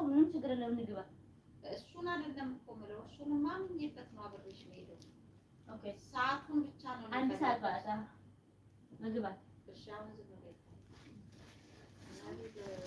ነው፣ ምንም ችግር የለም እንግባ። እሱን አይደለም እኮ የምለው እሱንማ ምንዬበት ነው አብሬሽ የምሄደው። ኦኬ ሰዓቱን ብቻ ነው አንድ ሰዓት ባታ ምግባ። እሺ። አሁን ዝም ብለህ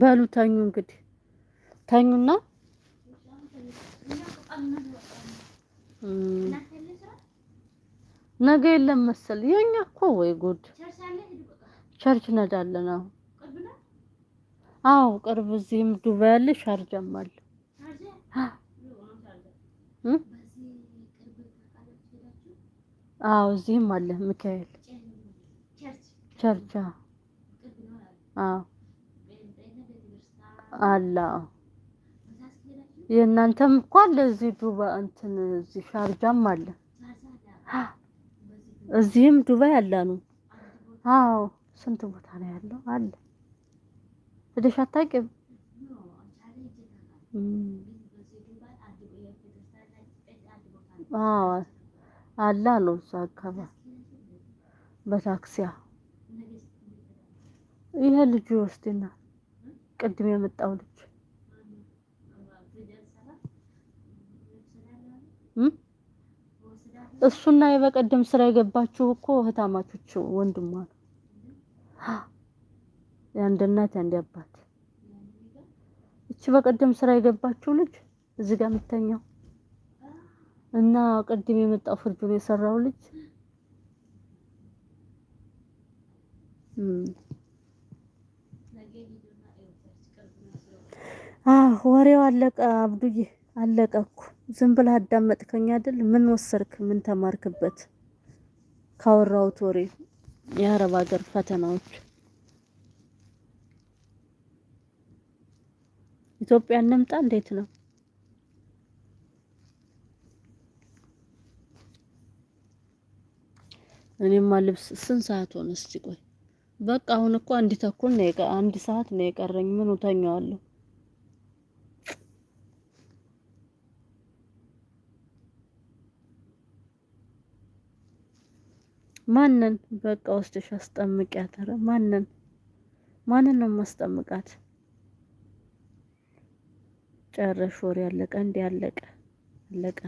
በሉ ተኙ እንግዲህ ተኙና ነገ የለም መሰል የኛ እኮ ወይ ጉድ ቸርች ነዳለ ነው። አዎ፣ ቅርብ እዚህም ዱባ ያለ ሻርጃም አለ። አዎ እዚህም አለ ሚካኤል ቸርች። አዎ አለ የእናንተም እኮ አለ እዚህ ዱባ እንትን እዚህ ሻርጃም አለ እዚህም ዱባይ አለ ነው። አዎ ስንት ቦታ ነው ያለው? አለ ሄደሽ አታውቂም? አዎ አለ ነው እዛ አካባቢ በታክሲያ ይሄ ልጅ ይወስድናል። ቅድም የመጣው ልጅ እሱና የበቀደም ስራ የገባችሁ እኮ እህታማቾች ወንድሟ ነው። የአንድ እናት የአንድ አባት እቺ በቀደም ስራ የገባችሁ ልጅ እዚህ ጋር የምተኛው እና ቅድም የመጣው ፍርጁን የሰራው ልጅ ወሬው አለቀ። አብዱዬ አለቀ እኮ ዝም ብለህ አዳመጥከኝ አይደል? ምን ወሰድክ? ምን ተማርክበት? ካወራሁት ወሬ የአረብ ሀገር ፈተናዎች ኢትዮጵያ እንምጣ እንዴት ነው? እኔማ ልብስ ስንት ሰዓት ሆነ? እስቲ ቆይ በቃ አሁን እኮ አንድ ተኩል ነው አንድ ሰዓት ነው የቀረኝ። ምን ተኛዋለሁ ማንን በቃ ውስጥሽ አስጠምቂያት። ኧረ ማንን ማንን ነው ማስጠምቃት? ጨረሽ ወሬ ያለቀ እንዴ? ያለቀ አለቀ።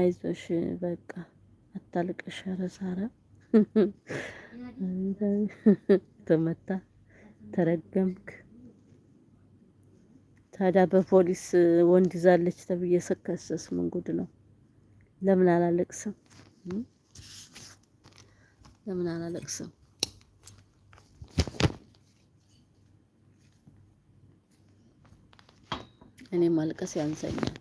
አይዞሽ በቃ አታልቅሽ። ኧረ ሳራ ተመታ ተረገምክ። ታዲያ በፖሊስ ወንድ ይዛለች ተብዬ ስከሰስ ምን ጉድ ነው? ለምን አላለቅስም? ለምን አላለቅስም? እኔ ማልቀስ ያንሰኛል።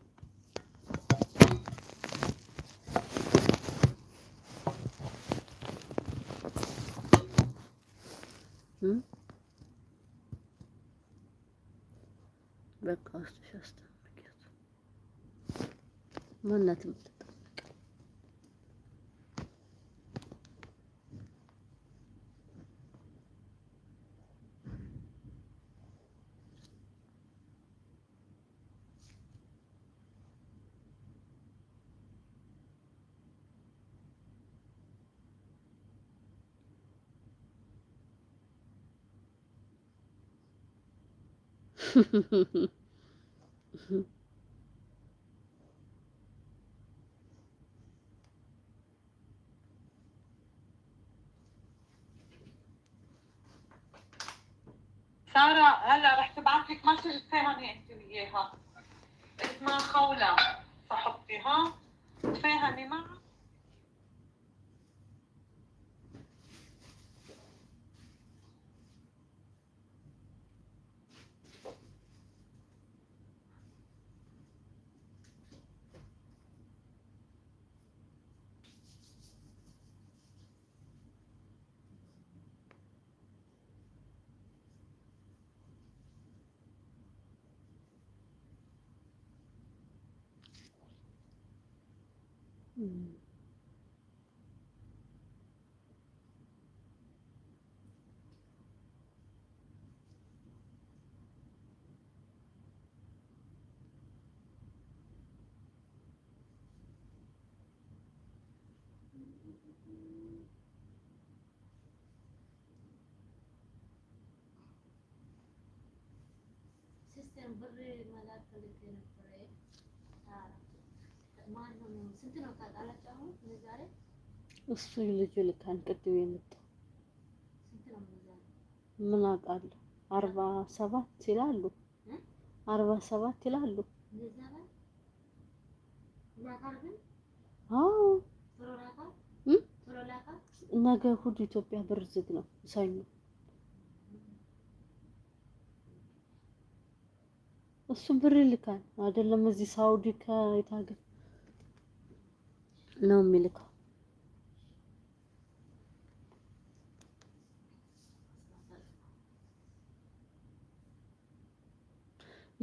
سارة هلا رح تبعث لك مسج تفهمي انت وياها اسمها خولة صاحبتي ها تفاهمي معها सिस्टम बर्रे माला कल के रखा እሱ ልጁ ልካን ቅድም የመጣው ምን አውቃለሁ። አርባ ሰባት ይላሉ፣ አርባ ሰባት ይላሉ። አዎ ነገ እሑድ ኢትዮጵያ ብር ዝግ ነው። ሰኞ እሱ ብር ይልካል አይደለም? እዚህ ሳውዲ ከየት ሀገር ነው የሚልከው።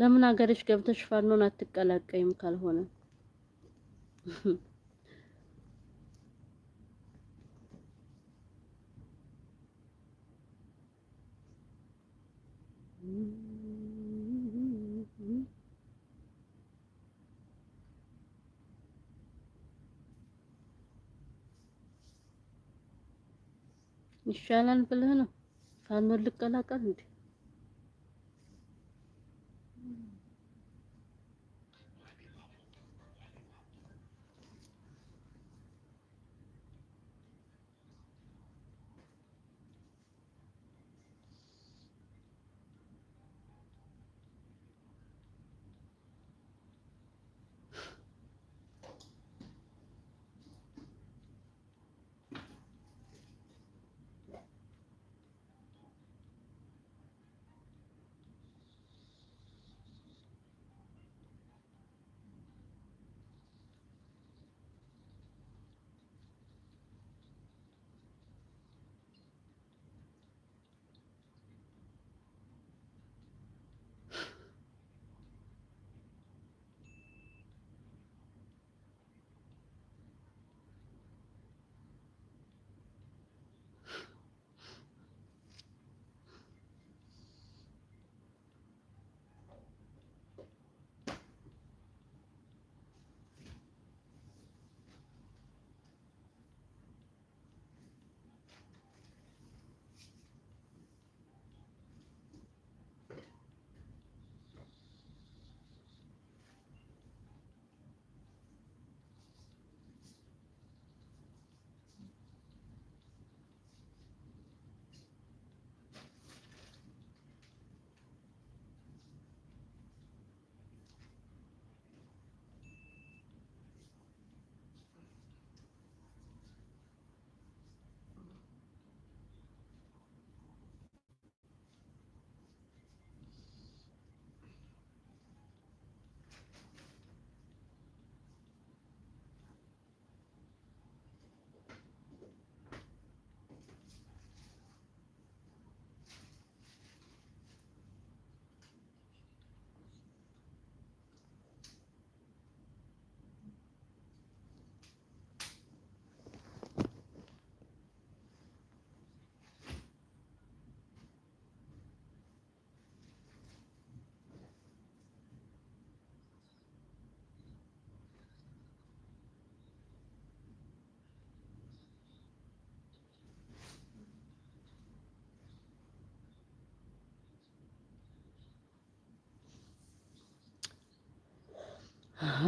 ለምን ሀገርሽ ገብተሽ ፋኖን አትቀላቀይም? ካልሆነ ይሻላል ብለህ ነው ፋኖ ልቀላቀል እንዴ?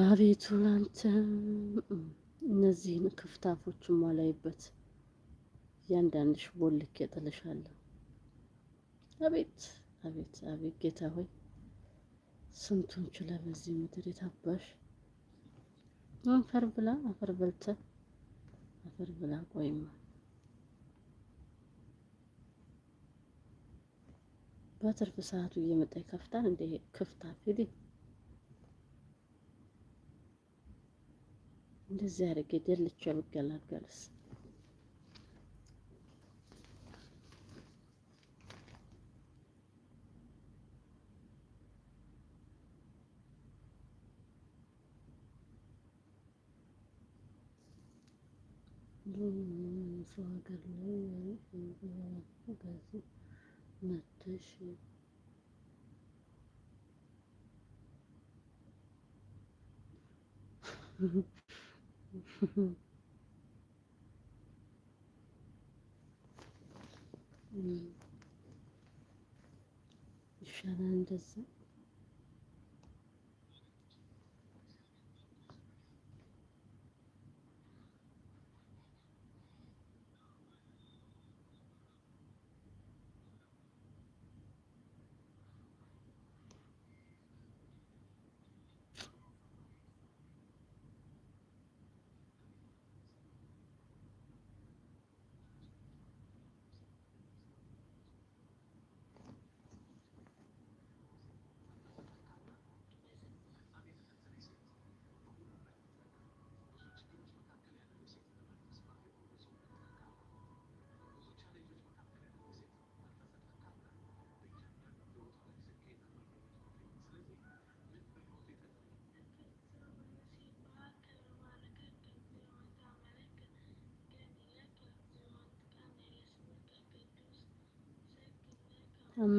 አቤቱ ላንተ እነዚህን ክፍታፎች ማላይበት እያንዳንድሽ ቦልክ ያጠለሻለሁ። አቤት አቤት አቤት ጌታ ሆይ ስንቱን ችለ በዚህ ምድር የታባሽ አፈር ብላ አፈር በልተ አፈር ብላ ቆይማ በትርፍ ሰዓቱ እየመጣ ይከፍታል እንደ ክፍታፍ ሂዲ እንደዚህ አድርጌ ደልቼ ብገላገልስ ሰው ሀገር ላይ በዚህ መተሽ ይሻላል እንደዛ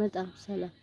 በጣም ሰላም